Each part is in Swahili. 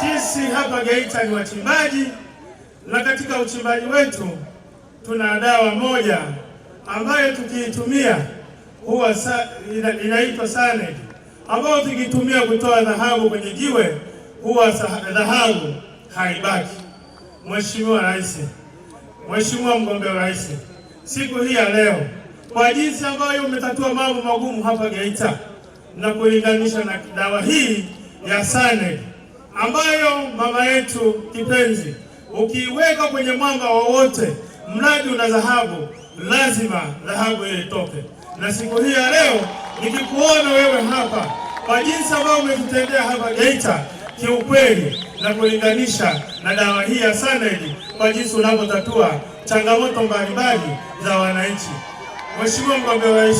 Sisi hapa Geita ni wachimbaji, na katika uchimbaji wetu tuna dawa moja ambayo tukiitumia huwa sa, ina, inaitwa sanedi, ambayo tukiitumia kutoa dhahabu kwenye jiwe huwa dhahabu haibaki. Mheshimiwa Rais, Mheshimiwa mgombea rais, siku hii ya leo kwa jinsi ambayo umetatua mambo magumu hapa Geita na kulinganisha na dawa hii ya sanedi ambayo mama yetu kipenzi, ukiweka kwenye mwanga wowote, mradi una dhahabu, lazima dhahabu ile itoke. Na siku hii ya leo nikikuona wewe hapa kwa jinsi ambayo umetutendea hapa Geita, kiukweli na kulinganisha na dawa hii ya Saneli kwa jinsi unavyotatua changamoto mbalimbali za wananchi. Mheshimiwa mgombea wa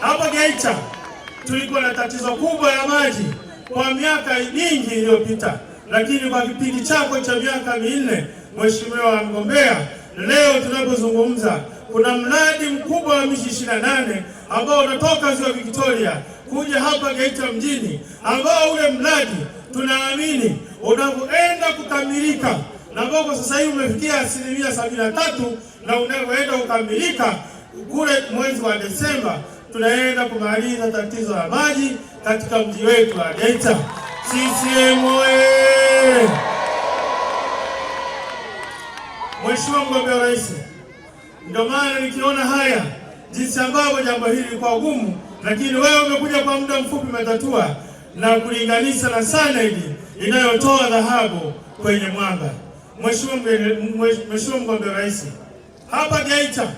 hapa Geita tulikuwa na tatizo kubwa la maji kwa miaka mingi iliyopita, lakini kwa kipindi chako cha miaka minne, mheshimiwa mgombea, leo tunapozungumza kuna mradi mkubwa wa mishi ishirini na nane ambao unatoka ziwa Victoria kuja hapa Geita mjini, ambao ule mradi tunaamini unavyoenda kukamilika na ambao sasa hivi umefikia asilimia sabini na tatu na unavyoenda kukamilika kule mwezi wa Desemba tunaenda kumaliza tatizo la maji katika mji wetu wa Geita. CCM oyee! Mheshimiwa mgombea rais, ndio maana nikiona haya jinsi ambavyo jambo hili lilikuwa gumu, lakini wewe umekuja kwa muda mfupi umetatua na kulinganisha na sana hili inayotoa dhahabu kwenye mwanga. Mheshimiwa mgombea rais, hapa Geita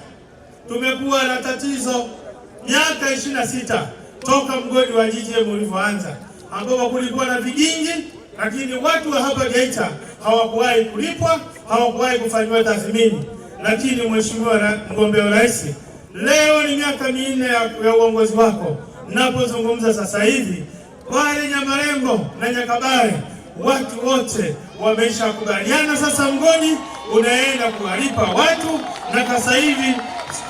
tumekuwa na tatizo miaka ishirini na sita toka mgodi wa GGM ulivyoanza, ambapo kulikuwa na vigingi, lakini watu wa hapa Geita hawakuwahi kulipwa, hawakuwahi kufanyiwa tathmini. Lakini mheshimiwa mgombea urais, leo ni miaka minne ya uongozi wako, napozungumza sasa hivi wale Nyamarembo na Nyakabare watu wote wameisha kubaliana, sasa mgodi unaenda kuwalipa watu, na sasa hivi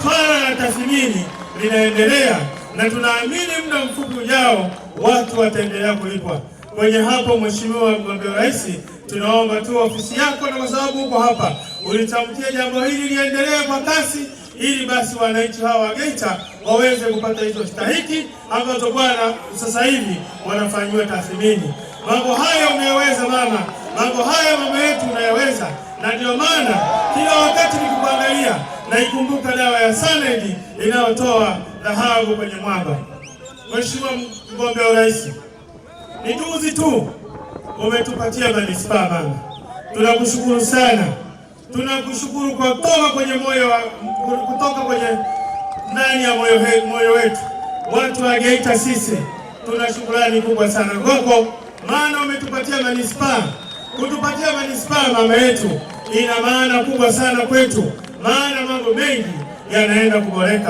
swala la tathmini linaendelea na tunaamini muda mfupi ujao watu wataendelea kulipwa kwenye hapo. Mheshimiwa mgombea rais, tunaomba tu ofisi yako, na kwa sababu uko hapa ulitamkia jambo hili liendelee kwa kasi, ili basi wananchi hawa wa Geita waweze kupata hizo stahiki ambazo bwana sasa hivi wanafanyiwa tathmini. Mambo haya unayoweza mama, mambo haya mama yetu unayoweza, na ndio maana kila wakati nikikuangalia na ikumbuka dawa ya Sanedi inayotoa dhahabu kwenye mwamba. Mheshimiwa mgombea urais, ni juzi tu umetupatia manispaa Manga, tunakushukuru sana, tunakushukuru kwa kutoka kwenye moyo wa kutoka kwenye ndani ya moyo, moyo wetu watu wa Geita, sisi tuna shukurani kubwa sana kwako, maana umetupatia manispaa. Kutupatia manispaa mama yetu ina maana kubwa sana kwetu maana mambo mengi yanaenda kuboreka.